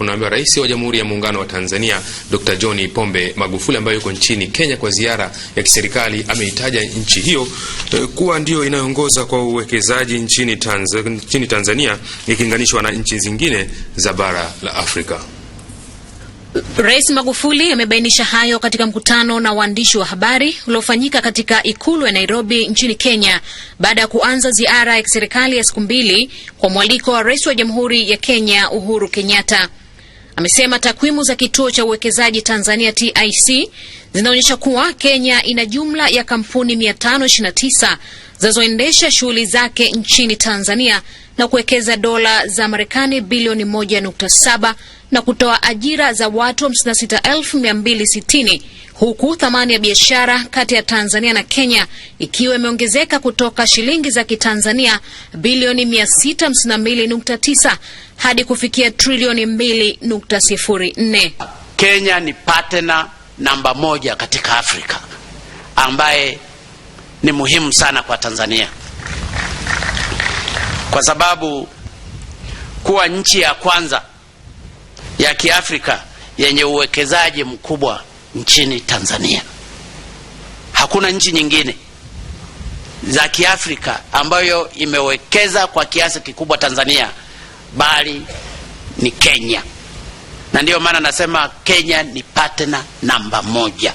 Unaambiwa Rais wa Jamhuri ya Muungano wa Tanzania Dr. John Pombe Magufuli ambaye yuko nchini Kenya kwa ziara ya kiserikali ameitaja nchi hiyo eh, kuwa ndiyo inayoongoza kwa uwekezaji nchini Tanzania, nchini Tanzania ikilinganishwa na nchi zingine za bara la Afrika. Rais Magufuli amebainisha hayo katika mkutano na waandishi wa habari uliofanyika katika ikulu ya Nairobi nchini Kenya baada ya kuanza ziara ya kiserikali ya siku mbili kwa mwaliko wa Rais wa Jamhuri ya Kenya Uhuru Kenyatta. Amesema takwimu za kituo cha uwekezaji Tanzania TIC zinaonyesha kuwa Kenya ina jumla ya kampuni 529 zinazoendesha shughuli zake nchini Tanzania na kuwekeza dola za Marekani bilioni 1.7 na kutoa ajira za watu 56,260 huku thamani ya biashara kati ya Tanzania na Kenya ikiwa imeongezeka kutoka shilingi za Kitanzania bilioni 652.9 hadi kufikia trilioni 2.04. Kenya ni partner namba moja katika Afrika ambaye ni muhimu sana kwa Tanzania kwa sababu kuwa nchi ya kwanza ya Kiafrika yenye uwekezaji mkubwa nchini Tanzania. Hakuna nchi nyingine za Kiafrika ambayo imewekeza kwa kiasi kikubwa Tanzania, bali ni Kenya, na ndiyo maana nasema Kenya ni partner namba moja.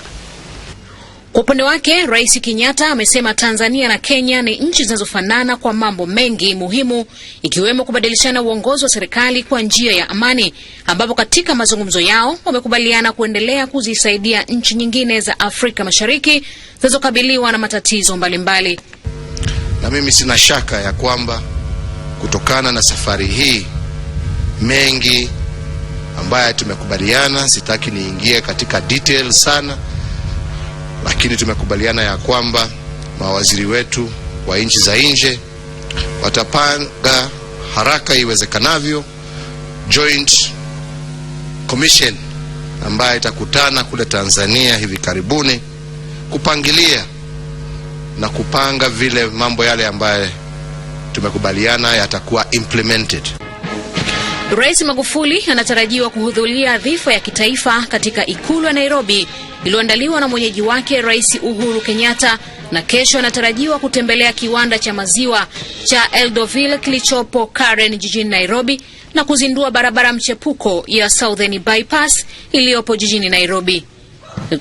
Kwa upande wake Rais Kenyatta amesema Tanzania na Kenya ni nchi zinazofanana kwa mambo mengi muhimu ikiwemo kubadilishana uongozi wa serikali kwa njia ya amani, ambapo katika mazungumzo yao wamekubaliana kuendelea kuzisaidia nchi nyingine za Afrika Mashariki zinazokabiliwa na matatizo mbalimbali Na mimi sina shaka ya kwamba kutokana na safari hii mengi ambayo tumekubaliana, sitaki niingie katika sana lakini tumekubaliana ya kwamba mawaziri wetu wa nchi za nje watapanga haraka iwezekanavyo joint commission ambayo itakutana kule Tanzania hivi karibuni kupangilia na kupanga vile mambo yale ambayo tumekubaliana yatakuwa implemented. Rais Magufuli anatarajiwa kuhudhuria dhifa ya kitaifa katika ikulu ya Nairobi iliyoandaliwa na mwenyeji wake Rais Uhuru Kenyatta na kesho anatarajiwa kutembelea kiwanda cha maziwa cha Eldoville kilichopo Karen jijini Nairobi na kuzindua barabara mchepuko ya Southern Bypass iliyopo jijini Nairobi.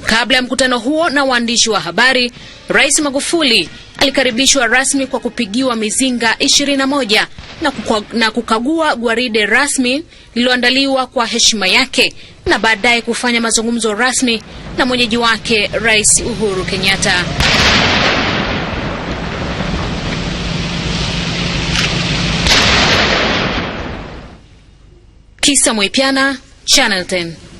Kabla ya mkutano huo na waandishi wa habari, Rais Magufuli alikaribishwa rasmi kwa kupigiwa mizinga 21 na, na kukagua gwaride rasmi lililoandaliwa kwa heshima yake na baadaye kufanya mazungumzo rasmi na mwenyeji wake Rais Uhuru Kenyatta. Kisa Mwipiana, Channel 10.